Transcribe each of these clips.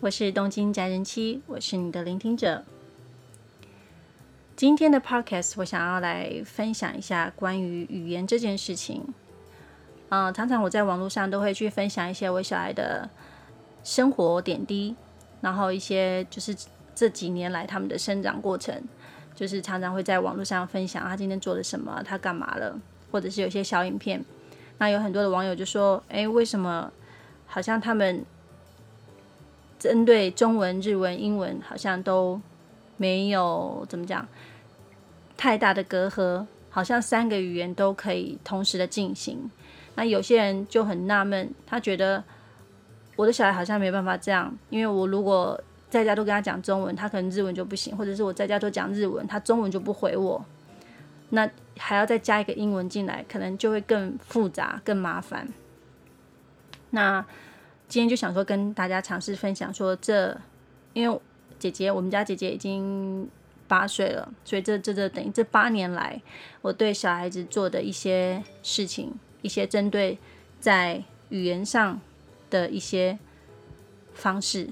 我是東京宅人妻，我是你的聆聽者。今天的 podcast，我想要來分享一下關於語言這件事情。嗯，常常我在網絡上都會去分享一些我小孩的生活點滴，然後一些就是這幾年來他們的生長過程，就是常常會在網絡上分享他今天做了什麼，他幹嘛了，或者是有些小影片。那有很多的網友就說：“哎，為什麼好像他們？”針對中文、日文、英文，好像都沒有怎麼講太大的隔閡，好像三個語言都可以同時的進行。那有些人就很納悶，他覺得我的小孩好像沒辦法這樣，因為我如果在家都跟他講中文，他可能日文就不行；或者是我在家都講日文，他中文就不回我。那還要再加一個英文進來，可能就會更複雜、更麻煩。那今天就想說跟大家嘗試分享說這，這因為姐姐，我們家姐姐已經八歲了，所以這這這等於這八年來，我對小孩子做的一些事情，一些針對在語言上的一些方式。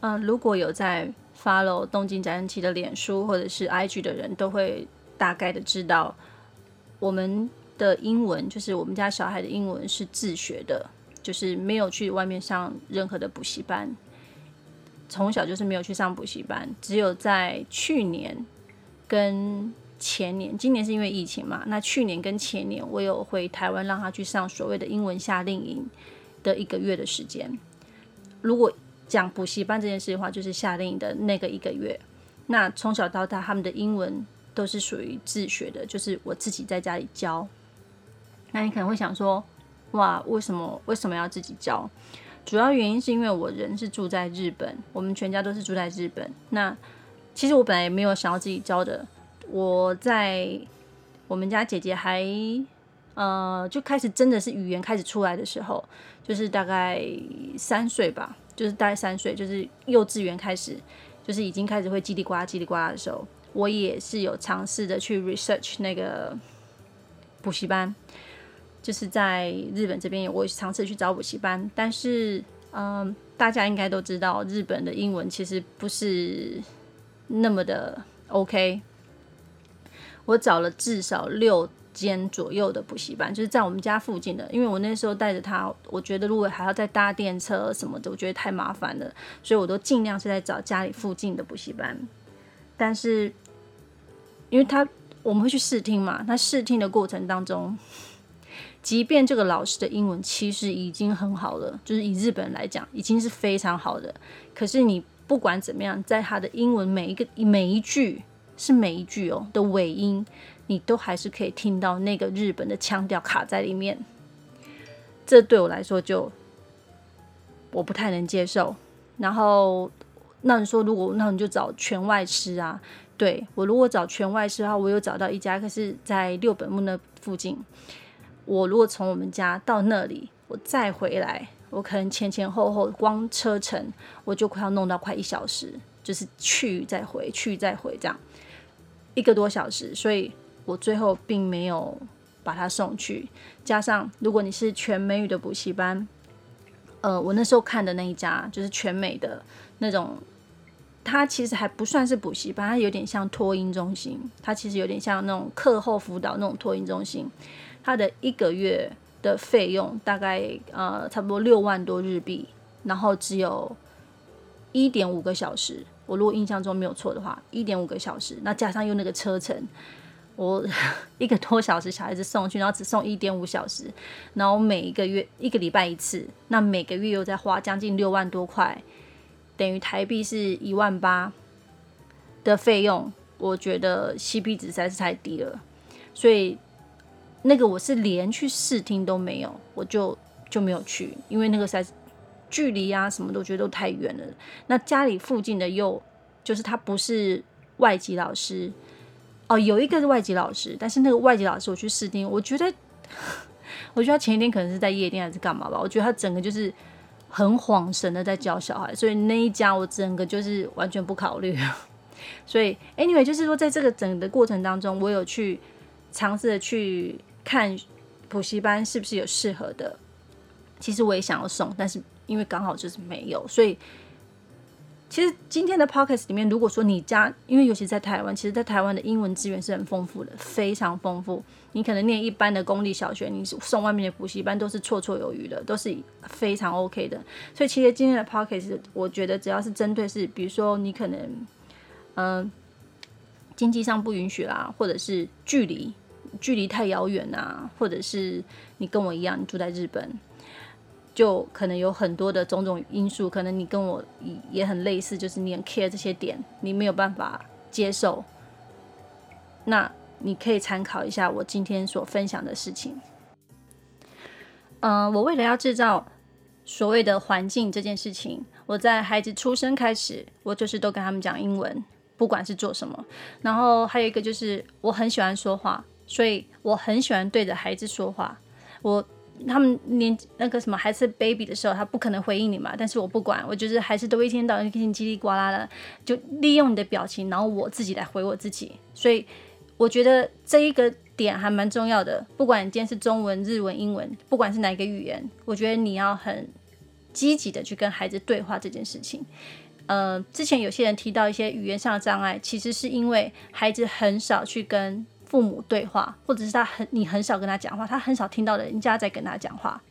嗯，如果有在 follow 東京宅恩奇的臉書或者是 IG 的人都會大概的知道我們。的英文就是我們家小孩的英文是自學的，就是沒有去外面上任何的補習班，從小就是沒有去上補習班，只有在去年跟前年，今年是因為疫情嘛，那去年跟前年我有回台灣讓他去上所謂的英文夏令營的一個月的時間。如果講補習班這件事的話，就是夏令營的那個一個月。那從小到大他們的英文都是屬於自學的，就是我自己在家裡教。那你可能會想說，哇，為什麼為什麼要自己教？主要原因是因為我人是住在日本，我們全家都是住在日本。那其實我本來也沒有想要自己教的。我在我們家姐姐還呃就開始真的是語言開始出來的時候，就是大概三歲吧，就是大概三歲，就是幼稚園開始，就是已經開始會嘰哩呱啦嘰哩呱啦的時候，我也是有嘗試着去 research 那個補習班。就是在日本這邊，我也嘗試去找補習班，但是嗯、呃，大家應該都知道，日本的英文其實不是那麼的 OK。我找了至少六間左右的補習班，就是在我們家附近的，因為我那時候帶着他，我覺得如果還要再搭電車什麼的，我覺得太麻煩了，所以我都盡量是在找家裡附近的補習班。但是因為他我們會去試聽嘛，他試聽的過程當中。即便這個老師的英文其實已經很好了，就是以日本來講，已經是非常好的。可是你不管怎麼樣，在他的英文每一個每一句是每一句哦的尾音，你都還是可以聽到那個日本的腔調卡在裡面。這對我來說就我不太能接受。然後那你說如果那你就找全外師啊？對，我如果找全外師的話，我有找到一家，可是在六本木那附近。我如果從我們家到那裡，我再回來，我可能前前後後光車程我就快要弄到快一小時，就是去再回去再回，這樣一個多小時，所以我最後並沒有把他送去。加上如果你是全美語的補習班，呃，我那時候看的那一家就是全美的那種，它其實還不算是補習班，它有點像托英中心，它其實有點像那種課後輔導那種托英中心。他的一個月的費用大概呃差不多六萬多日幣，然後只有一點五個小時。我如果印象中沒有錯的話，一點五個小時，那加上用那個車程，我一個多小時小孩子送去，然後只送一點五小時，然後我每一個月一個禮拜一次，那每個月又再花將近六萬多塊，等於台幣是一萬八的費用。我覺得 CP 值實在是太低了，所以。那個我是連去試聽都沒有，我就就沒有去，因為那個實在距離啊，什麼都覺得都太遠了。那家裡附近的又就是他不是外籍老師哦，有一個是外籍老師，但是那個外籍老師我去試聽，我覺得我覺得他前一天可能是在夜店還是幹嘛吧，我覺得他整個就是很恍神的在教小孩，所以那一家我整個就是完全不考慮。所以 anyway，就是說在這個整個過程當中，我有去嘗試的去。看補習班是不是有適合的？其實我也想要送，但是因為剛好就是沒有，所以其實今天的 podcast 裡面，如果說你家，因為尤其在台灣，其實，在台灣的英文資源是很豐富的，非常豐富。你可能念一般的公立小學，你送外面的補習班都是綽綽有餘的，都是非常 OK 的。所以，其實今天的 podcast 我覺得只要是針對是，比如說你可能嗯、呃、經濟上不允許啦，啊，或者是距離。距離太遙遠啊，或者是你跟我一樣，住在日本，就可能有很多的種種因素。可能你跟我也很類似，就是你很 care 這些點，你沒有辦法接受。那你可以參考一下我今天所分享的事情。嗯、呃，我為了要製造所謂的環境這件事情，我在孩子出生開始，我就是都跟他們講英文，不管是做什麼。然後還有一個就是，我很喜歡說話。所以我很喜歡對着孩子說話。我他們年那個什麼還是 baby 的時候，他不可能回應你嘛。但是我不管，我就是還是都一天到晚跟你嘰裡呱啦的，就利用你的表情，然後我自己來回我自己。所以我覺得這一個點還蠻重要的。不管今天是中文、日文、英文，不管是哪一個語言，我覺得你要很積極的去跟孩子對話這件事情。呃，之前有些人提到一些語言上的障礙，其實是因為孩子很少去跟。父母對話，或者是他很你很少跟他講話，他很少聽到的人家在跟他講話。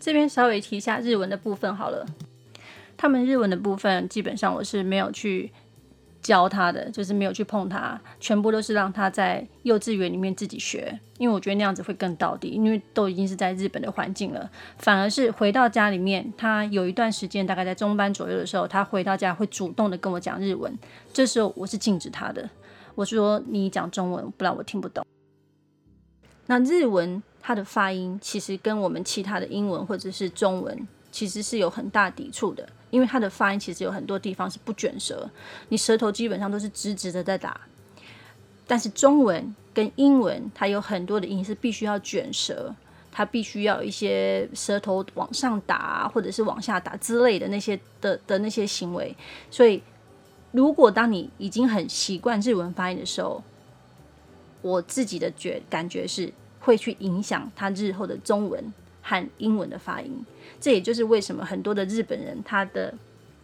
這邊稍微提一下日文的部分好了，他們日文的部分基本上我是沒有去教他的，就是沒有去碰他，全部都是讓他在幼稚園裡面自己學，因為我覺得那樣子會更到底，因為都已經是在日本的環境了。反而是回到家裡面，他有一段時間大概在中班左右的時候，他回到家會主動的跟我講日文，這時候我是禁止他的。我說你講中文，不然我聽不懂。那日文它的發音其實跟我們其他的英文或者是中文其實是有很大抵觸的，因為它的發音其實有很多地方是不卷舌，你舌頭基本上都是直直的在打。但是中文跟英文它有很多的音是必須要卷舌，它必須要有一些舌頭往上打或者是往下打之類的那些的的，的那些行為，所以。如果當你已經很習慣日文發音的時候，我自己的覺感覺是會去影響他日後的中文和英文的發音。這也就是為什麼很多的日本人他的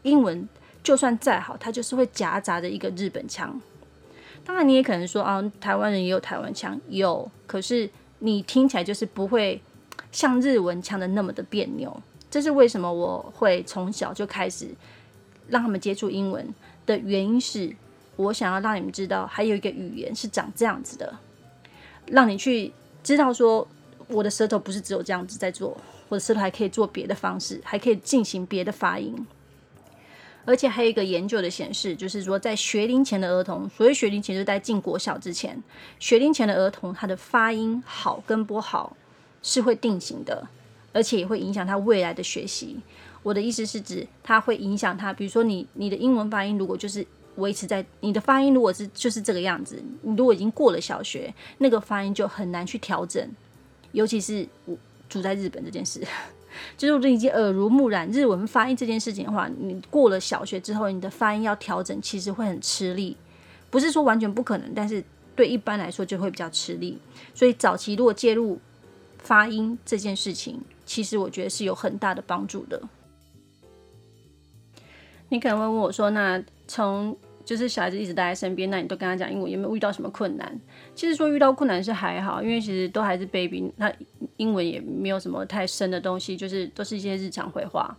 英文就算再好，他就是會夾雜着一個日本腔。當然你也可能說啊，台灣人也有台灣腔，有，可是你聽起來就是不會像日文腔的那麼的彆扭。這是為什麼我會從小就開始讓他們接觸英文。的原因是，我想要讓你們知道，還有一個語言是長這樣子的，讓你去知道說，我的舌頭不是只有這樣子在做，我的舌頭還可以做別的方式，還可以進行別的發音。而且還有一個研究的顯示，就是說，在學齡前的兒童，所謂學齡前就是在進國小之前，學齡前的兒童他的發音好跟不好是會定型的。而且也會影響他未來的學習。我的意思是指，他會影響他。比如說你，你你的英文發音如果就是維持在你的發音如果是就是這個樣子，你如果已經過了小學，那個發音就很難去調整。尤其是我住在日本這件事，就是我已經耳濡目染日文發音這件事情的話，你過了小學之後，你的發音要調整，其實會很吃力。不是說完全不可能，但是對一般來說就會比較吃力。所以早期如果介入。發音這件事情，其實我覺得是有很大的幫助的。你可能會問我說：“那從就是小孩子一直待在身邊，那你都跟他講英文，有沒有遇到什麼困難？”其實說遇到困難是還好，因為其實都還是 baby，那英文也沒有什麼太深的東西，就是都是一些日常會話。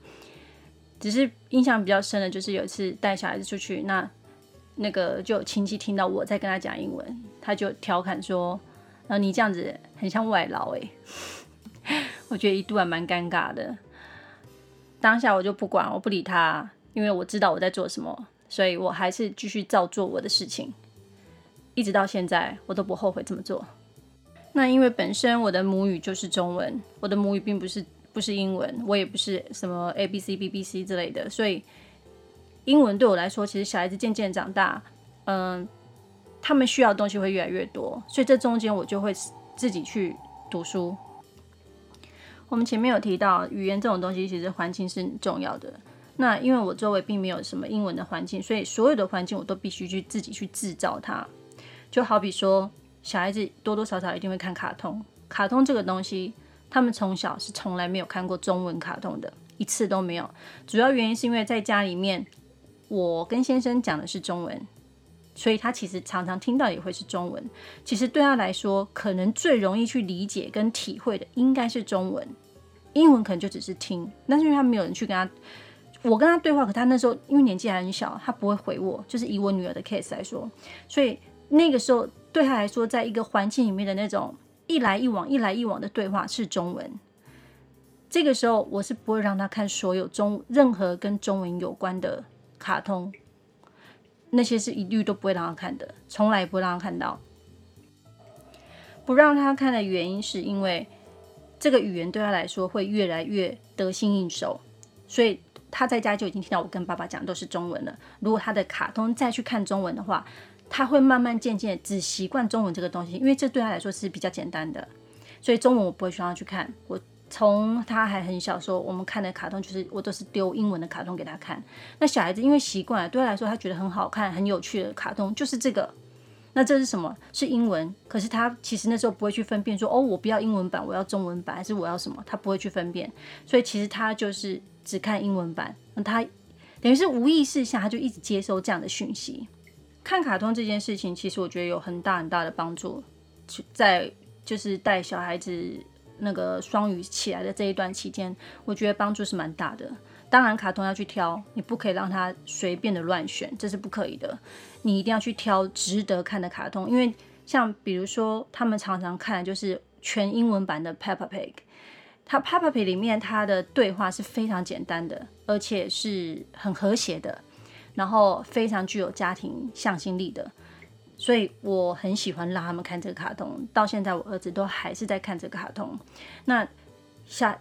只是印象比較深的，就是有一次帶小孩子出去，那那個就有親戚聽到我在跟他講英文，他就調侃說：“那你這樣子。”很像外勞誒、欸， 我覺得一度還蠻尷尬的。當下我就不管，我不理他，因為我知道我在做什麼，所以我還是繼續照做我的事情，一直到現在我都不後悔這麼做。那因為本身我的母語就是中文，我的母語並不是不是英文，我也不是什麼 ABC BBC 之類的，所以英文對我來說，其實小孩子漸漸長大，嗯，他們需要的東西會越來越多，所以這中間我就會。自己去讀書。我們前面有提到，語言這種東西其實環境是重要的。那因為我周圍並沒有什麼英文的環境，所以所有的環境我都必須去自己去製造它。就好比說，小孩子多多少少一定會看卡通，卡通這個東西，他們從小是從來沒有看過中文卡通的，一次都沒有。主要原因是因為在家裡面，我跟先生講的是中文。所以他其實常常聽到也會是中文。其實對他來說，可能最容易去理解跟體會的應該是中文。英文可能就只是聽，但是因為他沒有人去跟他，我跟他對話，可他那時候因為年紀還很小，他不會回我。就是以我女兒的 case 來說，所以那個時候對他來說，在一個環境裡面的那種一來一往、一來一往的對話是中文。這個時候，我是不會讓他看所有中任何跟中文有關的卡通。那些是一律都不會讓他看的，從來也不會讓他看到。不讓他看的原因是因為這個語言對他來說會越來越得心應手，所以他在家就已經聽到我跟爸爸講都是中文了。如果他的卡通再去看中文的話，他會慢慢漸漸只習慣中文這個東西，因為這對他來說是比較簡單的。所以中文我不會讓他去看我。從他還很小時候，我們看的卡通就是我都是丟英文的卡通給他看。那小孩子因為習慣了，對他來說，他覺得很好看、很有趣的卡通就是這個。那這是什麼？是英文。可是他其實那時候不會去分辨說，說哦，我不要英文版，我要中文版，還是我要什麼？他不會去分辨，所以其實他就是只看英文版。那他等於是無意識下，他就一直接收這樣的訊息。看卡通這件事情，其實我覺得有很大很大的幫助。在就是帶小孩子。那個雙語起來的這一段期間，我覺得幫助是蠻大的。當然，卡通要去挑，你不可以讓他隨便的亂選，這是不可以的。你一定要去挑值得看的卡通，因為像比如說他們常常看就是全英文版的《Peppa Pig》，它，《Peppa Pig》裡面它的對話是非常簡單的，而且是很和諧的，然後非常具有家庭向心力的。所以我很喜歡讓他們看這個卡通，到現在我兒子都還是在看這個卡通。那下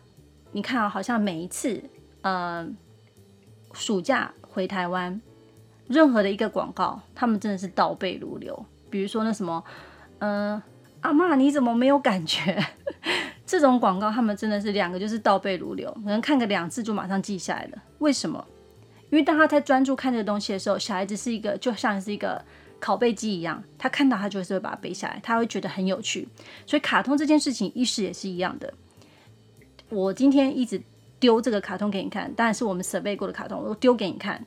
你看啊、哦，好像每一次嗯、呃，暑假回台灣，任何的一個廣告，他們真的是倒背如流。比如說那什麼，嗯、呃，阿媽你怎麼沒有感覺？ 這種廣告他們真的是兩個就是倒背如流，可能看個兩次就馬上記下來了。為什麼？因為當他在專注看這個東西的時候，小孩子是一個就像是一個。拷貝機一樣，他看到他就是會把它背下來，他會覺得很有趣。所以，卡通這件事情意識也是一樣的。我今天一直丟這個卡通給你看，當然是我們設備過的卡通，我丟給你看。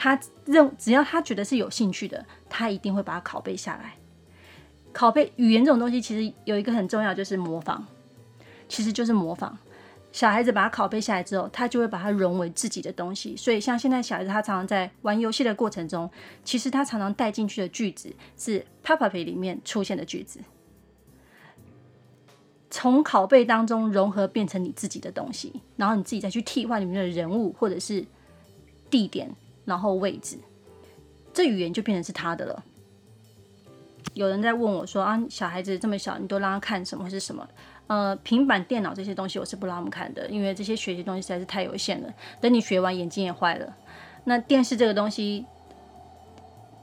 他認只要他覺得是有興趣的，他一定會把它拷貝下來。拷貝語言這種東西，其實有一個很重要，就是模仿，其實就是模仿。小孩子把它拷貝下來之後，他就會把它融為自己的東西。所以，像現在小孩子他常常在玩遊戲的過程中，其實他常常帶進去的句子是 Papapay 裡面出現的句子，從拷貝當中融合變成你自己的東西，然後你自己再去替換裡面的人物或者是地點，然後位置，這語言就變成是他的了。有人在問我說：“啊，小孩子這麼小，你都讓他看什麼或是什麼？”呃，平板電腦這些東西我是不讓他們看的，因為這些學習東西實在是太有限了。等你學完，眼睛也壞了。那電視這個東西，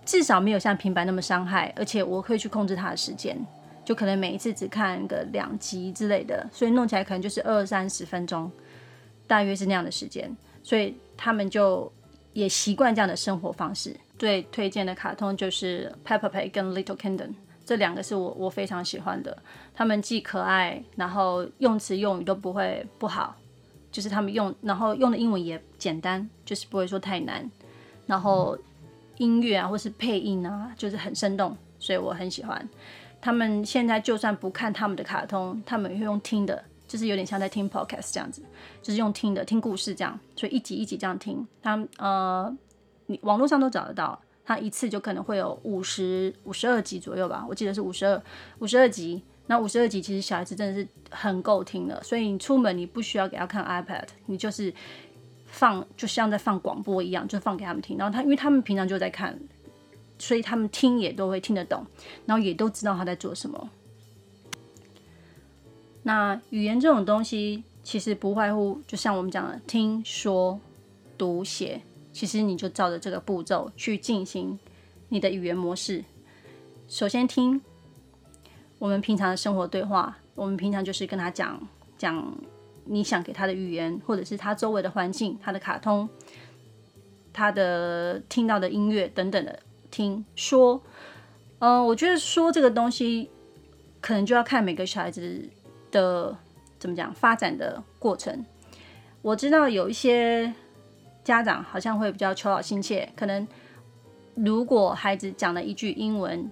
至少沒有像平板那麼傷害，而且我可以去控制它的時間，就可能每一次只看個兩集之類的，所以弄起來可能就是二三十分鐘，大約是那樣的時間。所以他們就也習慣這樣的生活方式。最推薦的卡通就是 Pe《Peppa Pig》跟《Little Kingdom》。這兩個是我我非常喜歡的，他們既可愛，然後用詞用語都不會不好，就是他們用然後用的英文也簡單，就是不會說太難，然後音樂啊或是配音啊就是很生動，所以我很喜歡。他們現在就算不看他們的卡通，他們會用聽的，就是有點像在聽 podcast 這樣子，就是用聽的聽故事這樣，所以一集一集這樣聽，他們呃你網絡上都找得到。他一次就可能會有五十五十二集左右吧，我記得是五十二五十二集。那五十二集其實小孩子真的是很夠聽了。所以你出門你不需要給他看 iPad，你就是放就像在放廣播一樣，就放給他們聽。然後他因為他們平常就在看，所以他們聽也都會聽得懂，然後也都知道他在做什麼。那語言這種東西其實不外乎，就像我們講的，聽說讀寫。其實你就照着這個步驟去進行你的語言模式。首先聽我們平常的生活對話，我們平常就是跟他講講你想給他的語言，或者是他周圍的環境、他的卡通、他的聽到的音樂等等的。聽說，嗯，我覺得說這個東西可能就要看每個小孩子的怎麼講發展的過程。我知道有一些。家長好像會比較求好心切，可能如果孩子講了一句英文，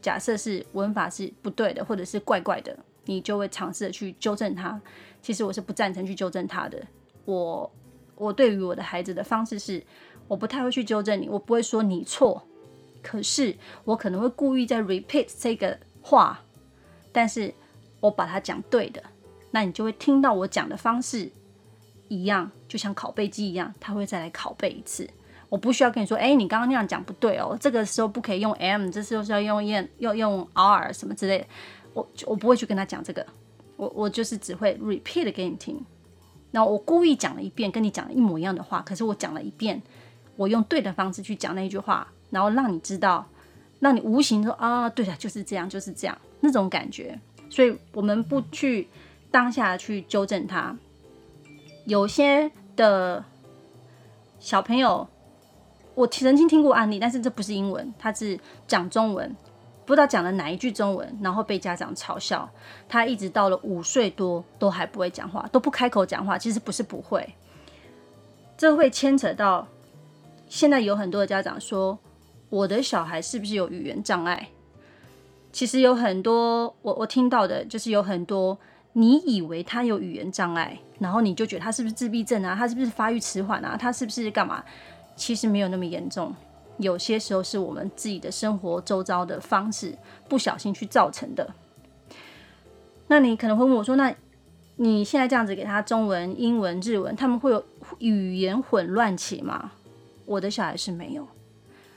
假設是文法是不對的，或者是怪怪的，你就會嘗試的去糾正他。其實我是不贊成去糾正他的。我我對於我的孩子的方式是，我不太會去糾正你，我不會說你錯，可是我可能會故意再 repeat 這個話，但是我把它講對的，那你就會聽到我講的方式。一樣，就像拷貝機一樣，他會再來拷貝一次。我不需要跟你說，哎、欸，你剛剛那樣講不對哦，這個時候不可以用 M，這次是要用用用 R 什麼之類的。我我不會去跟他講這個，我我就是只會 repeat 給你聽。那我故意講了一遍，跟你講的一模一樣的話，可是我講了一遍，我用對的方式去講那句話，然後讓你知道，讓你無形說啊，對的，就是這樣，就是這樣那種感覺。所以我們不去當下去糾正他。有些的小朋友，我曾經聽過案例，但是這不是英文，他是講中文，不知道講了哪一句中文，然後被家長嘲笑。他一直到了五歲多，都還不會講話，都不開口講話。其實不是不會，這會牽扯到現在有很多的家長說：“我的小孩是不是有語言障礙？”其實有很多，我我聽到的就是有很多。你以為他有語言障礙，然後你就覺得他是不是自閉症啊？他是不是發育遲緩啊？他是不是幹嘛？其實沒有那麼嚴重，有些時候是我們自己的生活周遭的方式不小心去造成的。那你可能會問我說：“那你現在這樣子給他中文、英文、日文，他們會有語言混亂期嗎？”我的小孩是沒有，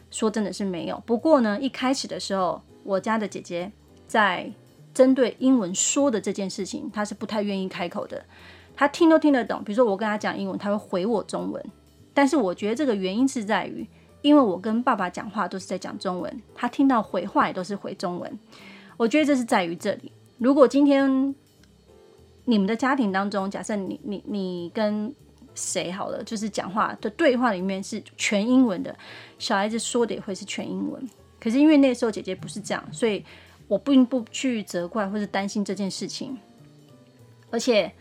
說真的是沒有。不過呢，一開始的時候，我家的姐姐在。針對英文說的這件事情，他是不太願意開口的。他聽都聽得懂，比如說我跟他講英文，他會回我中文。但是我覺得這個原因是在於，因為我跟爸爸講話都是在講中文，他聽到回話也都是回中文。我覺得這是在於這裡。如果今天你們的家庭當中，假設你你你跟誰好了，就是講話的對話裡面是全英文的，小孩子說的也會是全英文。可是因為那時候姐姐不是這樣，所以。我並不去責怪或者擔心這件事情，而且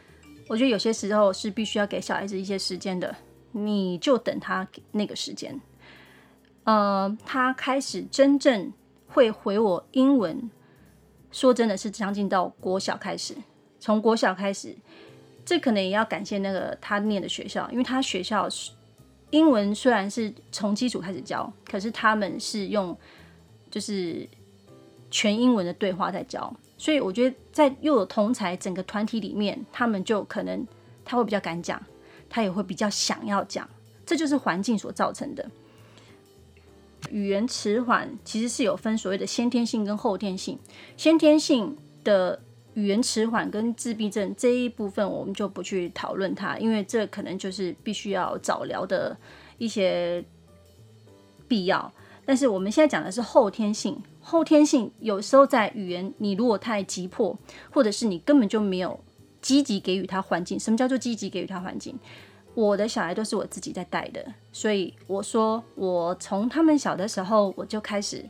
我覺得有些時候是必須要給小孩子一些時間的，你就等他那個時間，嗯，他開始真正會回我英文，說真的是將近到國小開始，從國小開始，這可能也要感謝那個他念的學校，因為他學校是英文雖然是從基礎開始教，可是他們是用就是。全英文的對話在教，所以我覺得在又有同儕整個團體裡面，他們就可能他會比較敢講，他也會比較想要講，這就是環境所造成的。語言遲緩其實是有分所謂的先天性跟後天性，先天性的語言遲緩跟自閉症這一部分我們就不去討論它，因為這可能就是必須要早療的一些必要。但是我們現在講的是後天性。後天性有時候在語言，你如果太急迫，或者是你根本就沒有積極給予他環境。什麼叫做積極給予他環境？我的小孩都是我自己在帶的，所以我說我從他們小的時候我就開始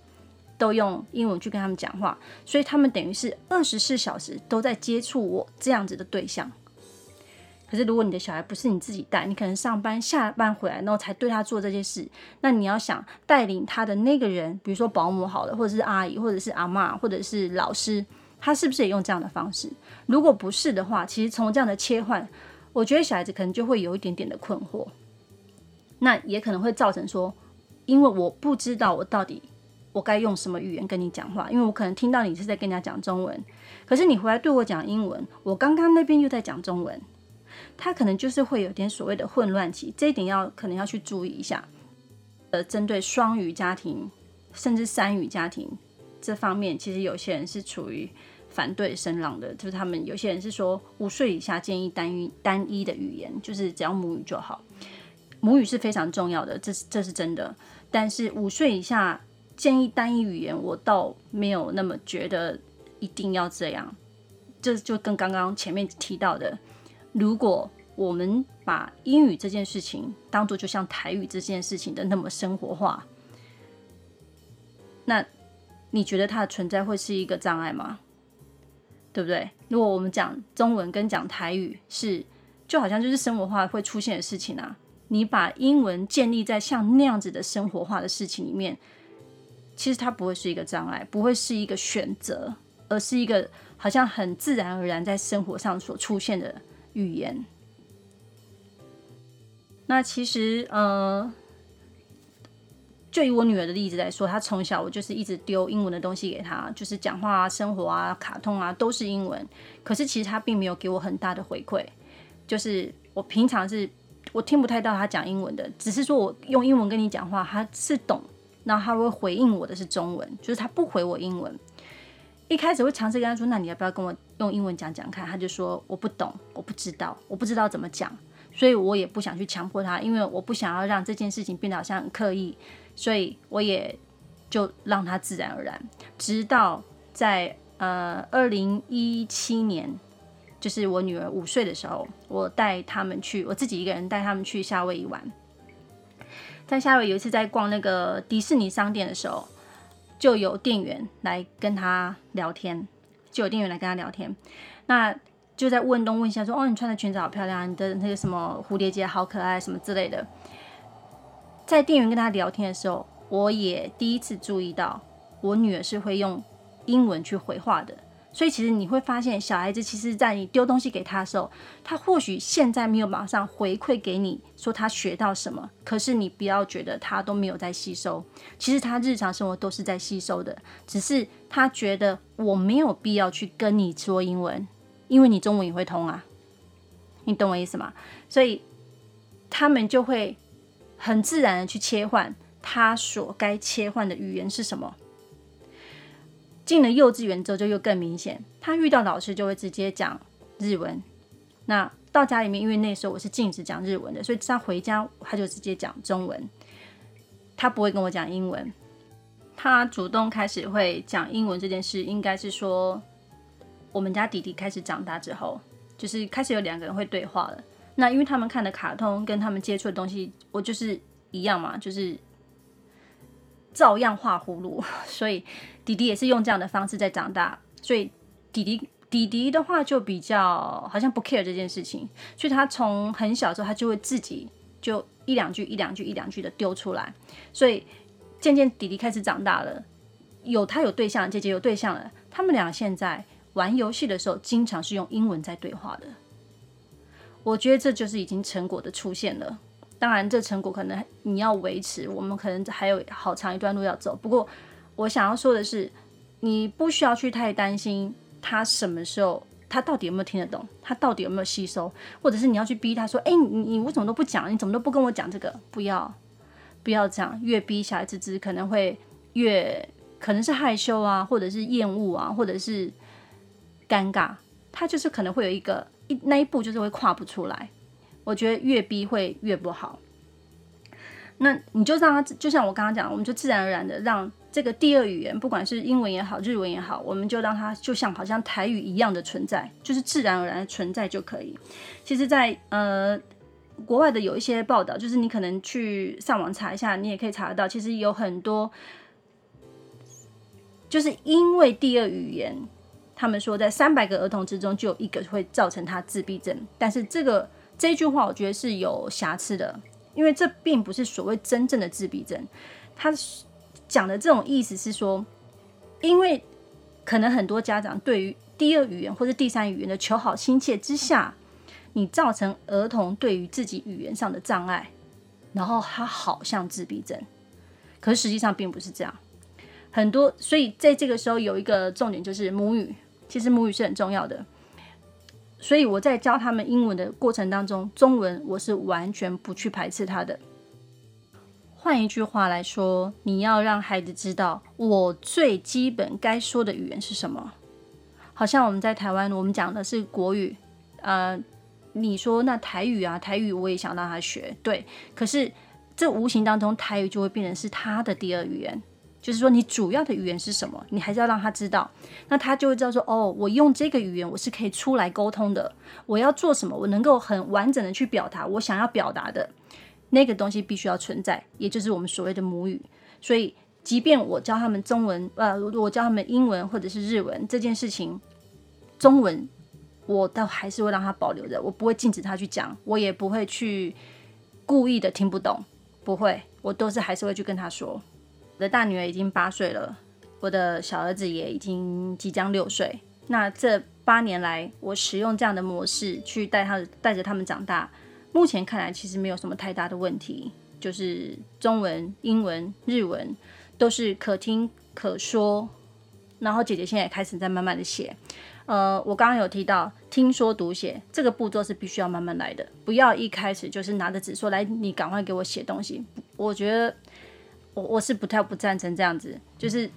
都用英文去跟他們講話，所以他們等於是24小時都在接觸我這樣子的對象。可是如果你的小孩不是你自己帶，你可能上班下班回來，然後才對他做這些事。那你要想帶領他的那個人，比如說保姆好了，或者是阿姨，或者是阿媽，或者是老師，他是不是也用這樣的方式？如果不是的話，其實從這樣的切換，我覺得小孩子可能就會有一點點的困惑。那也可能會造成說，因為我不知道我到底我該用什麼語言跟你講話，因為我可能聽到你是在跟人家講中文，可是你回來對我講英文，我剛剛那邊又在講中文。他可能就是會有點所謂的混亂期，這一點要可能要去注意一下。呃，針對雙語家庭，甚至三語家庭這方面，其實有些人是處於反對聲浪的，就是他們有些人是說五歲以下建議單一單一的語言，就是只要母語就好。母語是非常重要的，這是這是真的。但是五歲以下建議單一語言，我倒沒有那麼覺得一定要這樣。這就跟剛剛前面提到的。如果我們把英語這件事情當做就像台語這件事情的那麼生活化，那你覺得它的存在會是一個障礙嗎？對不對？如果我們講中文跟講台語是就好像就是生活化會出現的事情啊，你把英文建立在像那樣子的生活化的事情裡面，其實它不會是一個障礙，不會是一個選擇，而是一個好像很自然而然在生活上所出現的語言，那其實呃，就以我女兒的例子來說，她從小我就是一直丟英文的東西給她，就是講話啊、生活啊、卡通啊都是英文。可是其實她並沒有給我很大的回饋，就是我平常是，我聽不太到她講英文的，只是說我用英文跟你講話，她是懂，然後她會回應我的是中文，就是她不回我英文。一開始會嘗試跟她說，那你要不要跟我？用英文講講看，他就說我不懂，我不知道，我不知道怎麼講，所以我也不想去強迫他，因為我不想要讓這件事情變得好像很刻意，所以我也就讓他自然而然。直到在呃二零一七年，就是我女兒五歲的時候，我帶他們去，我自己一個人帶他們去夏威夷玩，在夏威有一次在逛那個迪士尼商店的時候，就有店員來跟他聊天。就有店員來跟他聊天，那就在問東問西，說：“哦，你穿的裙子好漂亮啊，你的那個什麼蝴蝶結好可愛，什麼之類的。”在店員跟他聊天的時候，我也第一次注意到，我女兒是會用英文去回話的。所以其實你會發現，小孩子其實，在你丟東西給他的時候，他或許現在沒有馬上回饋給你，說他學到什麼。可是你不要覺得他都沒有在吸收，其實他日常生活都是在吸收的，只是他覺得我沒有必要去跟你說英文，因為你中文也會通啊，你懂我意思嗎？所以他們就會很自然的去切換他所該切換的語言是什麼。進了幼稚園之後，就又更明顯。他遇到老師就會直接講日文。那到家裡面，因為那時候我是禁止講日文的，所以他回家他就直接講中文。他不會跟我講英文。他主動開始會講英文這件事，應該是說我們家弟弟開始長大之後，就是開始有兩個人會對話了。那因為他們看的卡通跟他們接觸的東西，我就是一樣嘛，就是照樣畫葫蘆，所以。弟弟也是用這樣的方式在長大，所以弟弟弟弟的話就比較好像不 care 這件事情，所以他從很小的時候他就會自己就一兩句一兩句一兩句的丟出來，所以漸漸弟弟開始長大了，有他有對象，姐姐有對象了，他們倆現在玩遊戲的時候經常是用英文在對話的，我覺得這就是已經成果的出現了。當然這成果可能你要維持，我們可能還有好長一段路要走，不過。我想要說的是，你不需要去太擔心他什麼時候，他到底有沒有聽得懂，他到底有沒有吸收，或者是你要去逼他說：“欸，你你為什麼都不講？你怎麼都不跟我講這個？”不要，不要這樣，越逼小孩子，可能會越可能是害羞啊，或者是厭惡啊，或者是尷尬，他就是可能會有一個一那一步就是會跨不出來。我覺得越逼會越不好。那你就讓他，就像我剛剛講，我們就自然而然的讓。這個第二語言，不管是英文也好，日文也好，我們就讓它就像好像台語一樣的存在，就是自然而然的存在就可以。其實在，在呃國外的有一些報道，就是你可能去上網查一下，你也可以查得到。其實有很多，就是因為第二語言，他們說在三百個兒童之中就有一個會造成他自閉症，但是這個這句話我覺得是有瑕疵的，因為這並不是所謂真正的自閉症，它是。講的這種意思是說，因為可能很多家長對於第二語言或者第三語言的求好心切之下，你造成兒童對於自己語言上的障礙，然後他好像自閉症，可實際上並不是這樣。很多，所以在這個時候有一個重點就是母語，其實母語是很重要的。所以我在教他們英文的過程當中，中文我是完全不去排斥他的。換一句話來說，你要讓孩子知道我最基本該說的語言是什麼。好像我們在台灣，我們講的是國語。呃，你說那台語啊，台語我也想讓他學，對。可是這無形當中，台語就會變成是他的第二語言。就是說，你主要的語言是什麼，你還是要讓他知道。那他就會知道說，哦，我用這個語言，我是可以出來溝通的。我要做什麼，我能夠很完整的去表達我想要表達的。那個東西必須要存在，也就是我們所謂的母語。所以，即便我教他們中文，呃，我教他們英文或者是日文這件事情，中文我倒還是會讓他保留着，我不會禁止他去講，我也不會去故意的聽不懂，不會，我都是還是會去跟他說。我的大女兒已經八歲了，我的小兒子也已經即將六歲。那這八年來，我使用這樣的模式去帶他，帶着他們長大。目前看來，其實沒有什麼太大的問題，就是中文、英文、日文都是可聽可說。然後姐姐現在也開始在慢慢的寫。呃，我剛剛有提到聽說讀寫這個步驟是必須要慢慢來的，不要一開始就是拿着紙說，來，你趕快給我寫東西。我覺得我我是不太不贊成這樣子，就是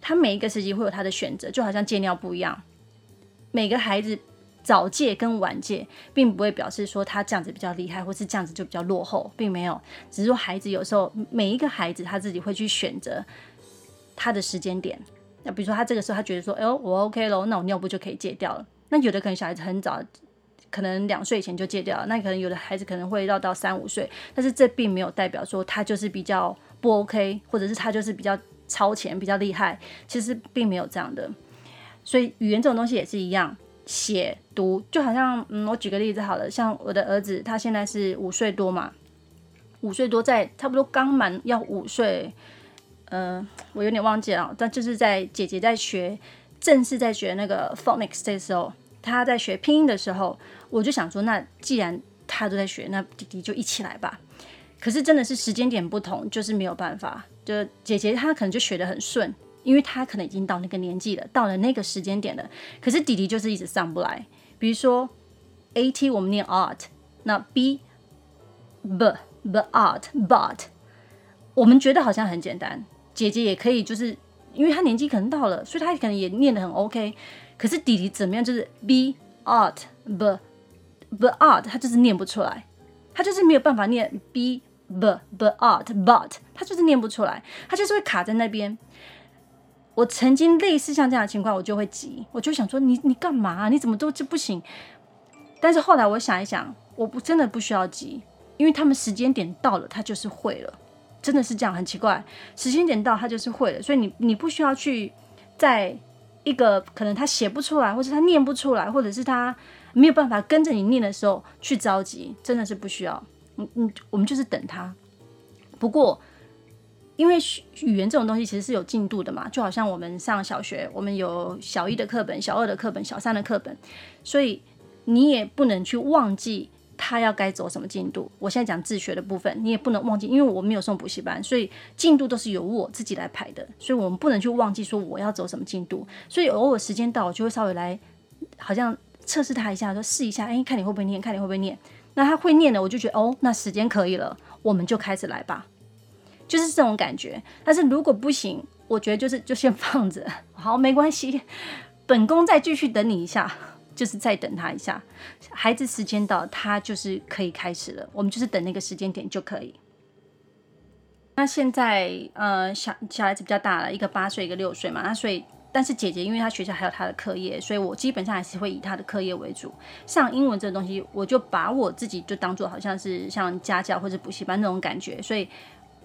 他每一個時期會有他的選擇，就好像戒尿布一樣，每個孩子。早戒跟晚戒，並不會表示說他這樣子比較厲害，或是這樣子就比較落後，並沒有。只是說孩子有時候每一個孩子他自己會去選擇他的時間點。那比如說他這個時候他覺得說，哎呦，我 OK 咯，那我尿布就可以戒掉了。那有的可能小孩子很早，可能兩歲以前就戒掉了。那可能有的孩子可能會繞到三五歲，但是這並沒有代表說他就是比較不 OK，或者是他就是比較超前、比較厲害。其實並沒有這樣的。所以語言這種東西也是一樣。寫讀就好像，嗯，我舉個例子好了，像我的兒子，他現在是五歲多嘛，五歲多在差不多剛滿要五歲，呃，我有點忘記了，但就是在姐姐在學，正式在學那個 phonics 的時候，他在學拼音的時候，我就想說，那既然他都在學，那弟弟就一起來吧。可是真的是時間點不同，就是沒有辦法，就姐姐她可能就學得很順。因為他可能已經到那個年紀了，到了那個時間點了。可是弟弟就是一直上不來。比如說 at 我們念 art，那 b b b art but，我們覺得好像很簡單。姐姐也可以，就是因為他年紀可能到了，所以他可能也念得很 OK。可是弟弟怎麼樣，就是 b art b b art，他就是念不出來，他就是沒有辦法念 b b b art but，他就是念不出來，他就是會卡在那邊。我曾經類似像這樣的情況，我就會急，我就想說，你你幹嘛啊？你怎麼都不行？但是後來我想一想，我不真的不需要急，因為他們時間點到了，他就是會了。真的是這樣，很奇怪，時間點到他就是會了。所以你你不需要去在一個可能他寫不出來，或者他念不出來，或者是他沒有辦法跟着你念的時候去着急，真的是不需要。嗯嗯，我們就是等他，不過。因為語言這種東西其實是有進度的嘛，就好像我們上小學，我們有小一的課本、小二的課本、小三的課本，所以你也不能去忘記他要該走什麼進度。我現在講自學的部分，你也不能忘記，因為我沒有送補習班，所以進度都是由我自己來排的，所以我們不能去忘記說我要走什麼進度。所以偶爾時間到，我就會稍微來好像測試他一下，說試一下，哎，看你會不會念，看你會不會念。那他會念的，我就覺得哦，那時間可以了，我們就開始來吧。就是這種感覺，但是如果不行，我覺得就是就先放着，好，沒關係，本宮再繼續等你一下，就是再等他一下，孩子時間到，他就是可以開始了，我們就是等那個時間點就可以。那現在，呃，小小孩子比較大了，一個八歲，一個六歲嘛，那所以，但是姐姐因為她學校還有她的課業，所以我基本上還是會以她的課業為主，像英文這東西，我就把我自己就當做好像是像家教或者補習班那種感覺，所以。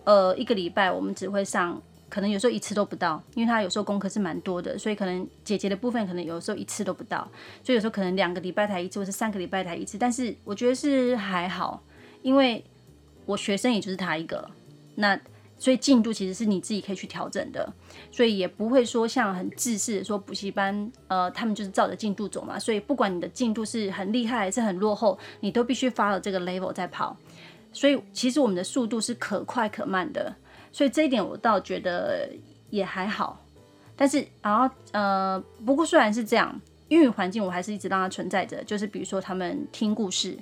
呃，一個禮拜我們只會上，可能有時候一次都不到，因為他有時候功課是蠻多的，所以可能姐姐的部分可能有時候一次都不到，所以有時候可能兩個禮拜才一次，或者是三個禮拜才一次，但是我覺得是還好，因為我學生也就是他一個，那所以進度其實是你自己可以去調整的，所以也不會說像很制式的說補習班，呃，他們就是照着進度走嘛，所以不管你的進度是很厲害還是很落後，你都必須 follow 這個 level 再跑。所以其實我們的速度是可快可慢的，所以這一點我倒覺得也還好。但是然後、啊、呃，不過雖然是這樣，英語環境我還是一直讓它存在着。就是比如說他們聽故事，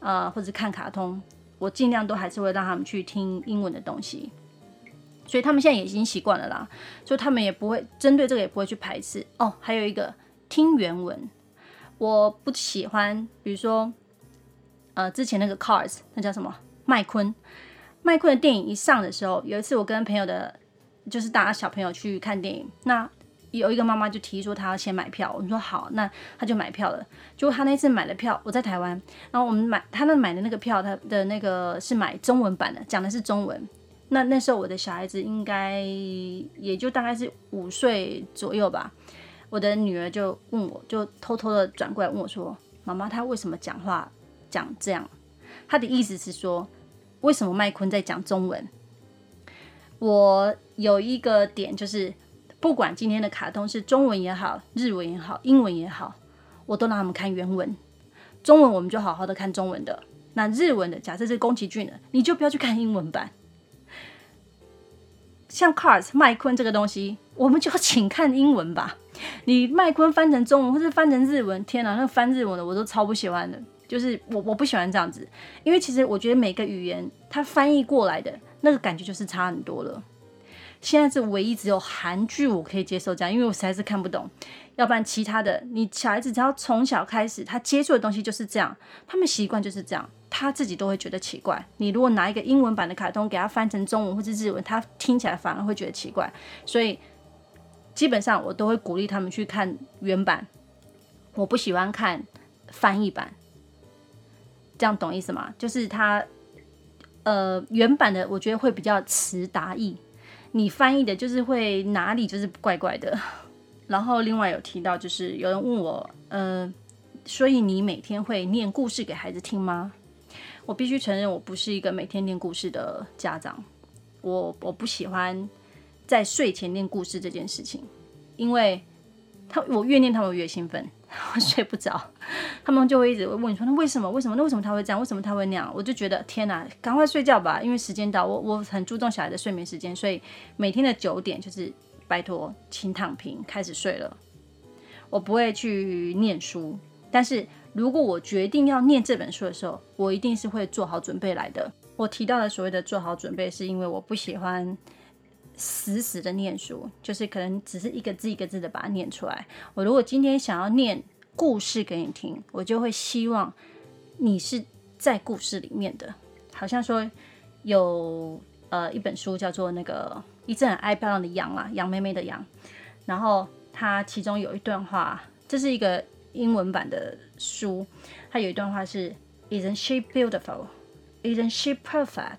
呃、或者看卡通，我儘量都還是會讓他們去聽英文的東西。所以他們現在也已經習慣了啦，所以他們也不會針對這個也不會去排斥。哦，還有一個聽原文，我不喜歡，比如說呃，之前那個 cars 那叫什麼？麥昆，麥昆的電影一上的時候，有一次我跟朋友的，就是帶小朋友去看電影，那有一個媽媽就提出她要先買票，我們說好，那她就買票了。結果她那次買了票，我在台灣，然後我們買，他們買的那個票，他的那個是買中文版的，講的是中文。那那時候我的小孩子應該也就大概是五歲左右吧，我的女兒就問我，我就偷偷的轉過來問我說：“媽媽，她為什麼講話講這樣？”他的意思是說，為什麼麥昆在講中文？我有一個點就是，不管今天的卡通是中文也好，日文也好，英文也好，我都讓他們看原文。中文我們就好好的看中文的，那日文的，假設是宮崎駿的，你就不要去看英文版。像《Cars》麥昆這個東西，我們就請看英文吧。你麥昆翻成中文或是翻成日文，天哪，啊，那個翻日文的我都超不喜歡的。就是我我不喜歡這樣子，因為其實我覺得每個語言它翻譯過來的那個感覺就是差很多了。現在是唯一只有韓劇我可以接受這樣，因為我實在是看不懂。要不然其他的，你小孩子只要從小開始，他接觸的東西就是這樣，他們習慣就是這樣，他自己都會覺得奇怪。你如果拿一個英文版的卡通給他翻成中文或是日文，他聽起來反而會覺得奇怪。所以基本上我都會鼓勵他們去看原版，我不喜歡看翻譯版。這樣懂意思嗎？就是他，呃，原版的我覺得會比較詞達意，你翻譯的就是會哪裡就是怪怪的。然後另外有提到，就是有人問我，嗯、呃，所以你每天會念故事給孩子聽嗎？我必須承認，我不是一個每天念故事的家長，我我不喜歡在睡前念故事這件事情，因為他我越念他們越興奮。 我睡不着，他們就會一直問你說：“那為什麼？為什麼？那為什麼他會這樣？為什麼他會那樣？”我就覺得天啊，趕快睡覺吧，因為時間到。我我很注重小孩的睡眠時間，所以每天的九點就是拜托，請躺平，開始睡了。我不會去念書，但是如果我決定要念這本書的時候，我一定是會做好準備來的。我提到的所謂的做好準備，是因為我不喜歡。死死的念書，就是可能只是一個字一個字的把它念出來。我如果今天想要念故事給你聽，我就會希望你是在故事裡面的。好像說有呃一本書叫做那個一隻很愛漂亮的羊啊，羊妹妹的羊。然後它其中有一段話，這是一個英文版的書，它有一段話是：Isn't she beautiful? Isn't she perfect?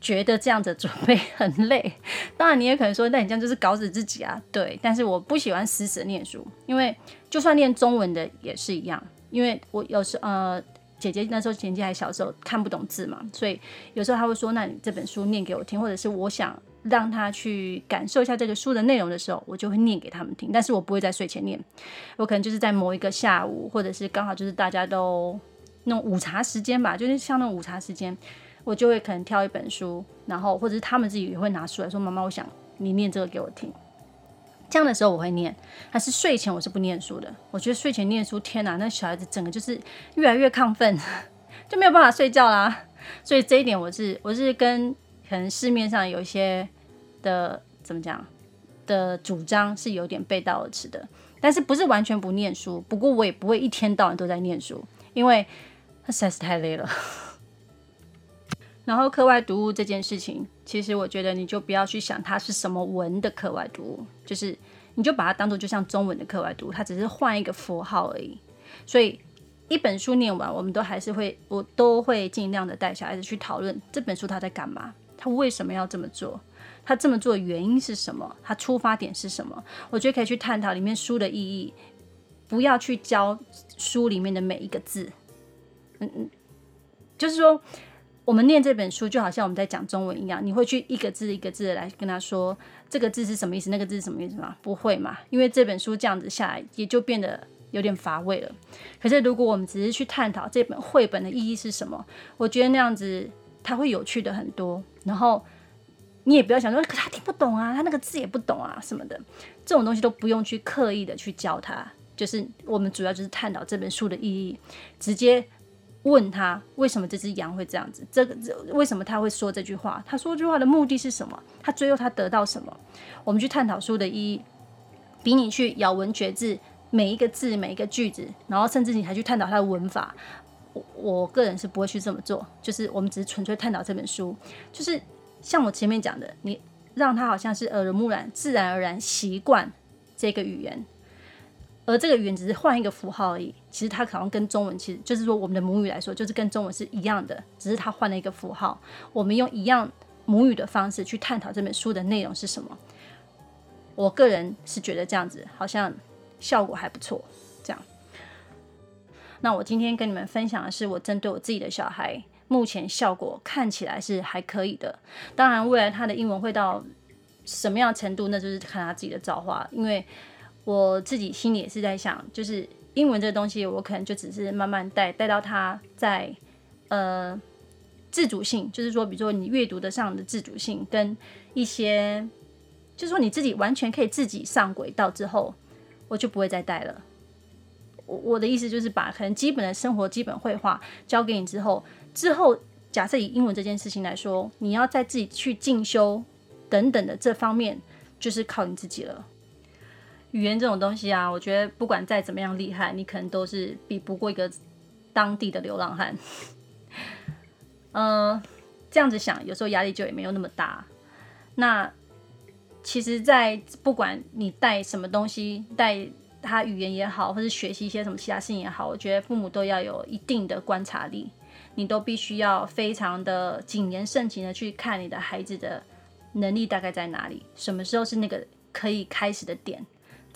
覺得這樣子準備很累，當然你也可能說，那你這樣就是搞死自己啊，對。但是我不喜歡死死念書，因為就算念中文的也是一樣。因為我有時候呃，姐姐那時候年紀還小時候看不懂字嘛，所以有時候她會說，那你這本書念給我聽，或者是我想讓她去感受一下這個書的內容的時候，我就會念給他們聽。但是我不會在睡前念，我可能就是在某一個下午，或者是剛好就是大家都那種午茶時間吧，就是像那種午茶時間。我就會可能挑一本書，然後或者是他們自己也會拿出來說：“媽媽，我想你念這個給我聽。”這樣的時候我會念，但是睡前我是不念書的。我覺得睡前念書，天哪，那小孩子整個就是越來越亢奮，呵呵就沒有辦法睡覺啦。所以這一點我是我是跟可能市面上有一些的怎麼講的主張是有點背道而馳的。但是不是完全不念書？不過我也不會一天到晚都在念書，因為他實在是太累了。然後課外讀物這件事情，其實我覺得你就不要去想它是什麼文的課外讀物，就是你就把它當做就像中文的課外讀物，它只是換一個符號而已。所以一本書念完，我們都還是會，我都會盡量的帶小孩子去討論這本書他在幹嘛，他為什麼要這麼做，他這麼做的原因是什麼，他出發點是什麼。我覺得可以去探討裡面書的意義，不要去教書裡面的每一個字。嗯嗯，就是說。我們念這本書就好像我們在講中文一樣，你會去一個字一個字的來跟他說這個字是什麼意思，那個字是什麼意思嗎？不會嘛，因為這本書這樣子下來也就變得有點乏味了。可是如果我們只是去探討這本繪本的意義是什麼，我覺得那樣子它會有趣的很多。然後你也不要想說，可是他聽不懂啊，他那個字也不懂啊什麼的，這種東西都不用去刻意的去教他。就是我們主要就是探討這本書的意義，直接。問他為什麼這隻羊會這樣子？這個為什麼他會說這句話？他說這句話的目的是什麼？他最後他得到什麼？我們去探討書的意義，比你去咬文嚼字，每一個字、每一個句子，然後甚至你還去探討他的文法，我我個人是不會去這麼做。就是我們只是純粹探討這本書，就是像我前面講的，你讓他好像是耳濡目染，自然而然習慣這個語言。而這個語言只是換一個符號而已，其實它可能跟中文，其實就是說我們的母語來說，就是跟中文是一樣的，只是它換了一個符號。我們用一樣母語的方式去探討這本書的內容是什麼。我個人是覺得這樣子好像效果還不錯。這樣，那我今天跟你們分享的是我針對我自己的小孩，目前效果看起來是還可以的。當然，未來他的英文會到什麼樣程度，那就是看他自己的造化，因為。我自己心裡也是在想，就是英文這個東西，我可能就只是慢慢帶，帶到他在呃自主性，就是說，比如說你閱讀的上的自主性，跟一些，就是說你自己完全可以自己上軌道之後，我就不會再帶了。我我的意思就是，把可能基本的生活、基本會話交給你之後，之後假設以英文這件事情來說，你要在自己去進修等等的這方面，就是靠你自己了。語言這種東西啊，我覺得不管再怎麼樣厲害，你可能都是比不過一個當地的流浪漢。呃、 嗯，這樣子想，有時候壓力就也沒有那麼大。那其實，在不管你帶什麼東西，帶他語言也好，或是學習一些什麼其他事情也好，我覺得父母都要有一定的觀察力，你都必須要非常的謹言慎行的去看你的孩子的能力大概在哪裡，什麼時候是那個可以開始的點。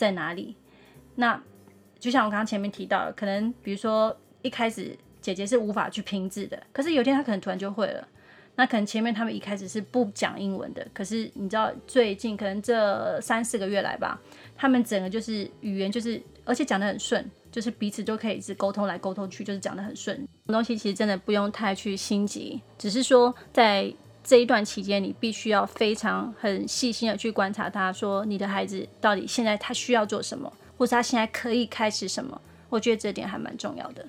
在哪裡？那就像我剛剛前面提到，可能比如說一開始姐姐是無法去拼字的，可是有一天她可能突然就會了。那可能前面他們一開始是不講英文的，可是你知道最近可能這三四個月來吧，他們整個就是語言就是，而且講得很順，就是彼此都可以是溝通來溝通去，就是講得很順。這東西其實真的不用太去心急，只是說在。這一段期間，你必須要非常很細心的去觀察他，說你的孩子到底現在他需要做什麼，或者他現在可以開始什麼？我覺得這點還蠻重要的。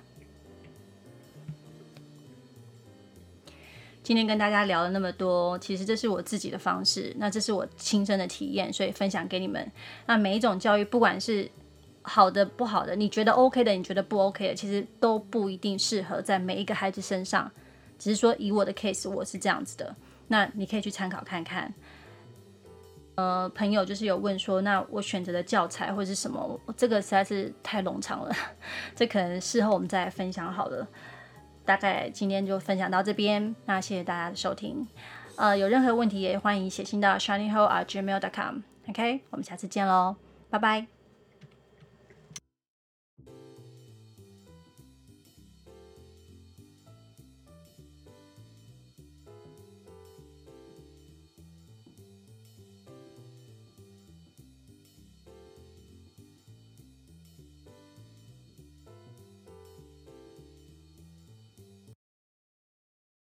今天跟大家聊了那麼多，哦，其實這是我自己的方式，那這是我親身的體驗，所以分享給你們。那每一種教育，不管是好的不好的，你覺得 OK 的，你覺得不 OK 的，其實都不一定適合在每一個孩子身上。只是說以我的 case，我是這樣子的，那你可以去參考看看。呃，朋友就是有問說，那我選擇的教材或是什麼，這個實在是太冗長了，這可能事後我們再來分享好了。大概今天就分享到這邊，那謝謝大家的收聽。呃，有任何問題也歡迎寫信到 shininghole@gmail.com。OK，我們下次見嘍，拜拜。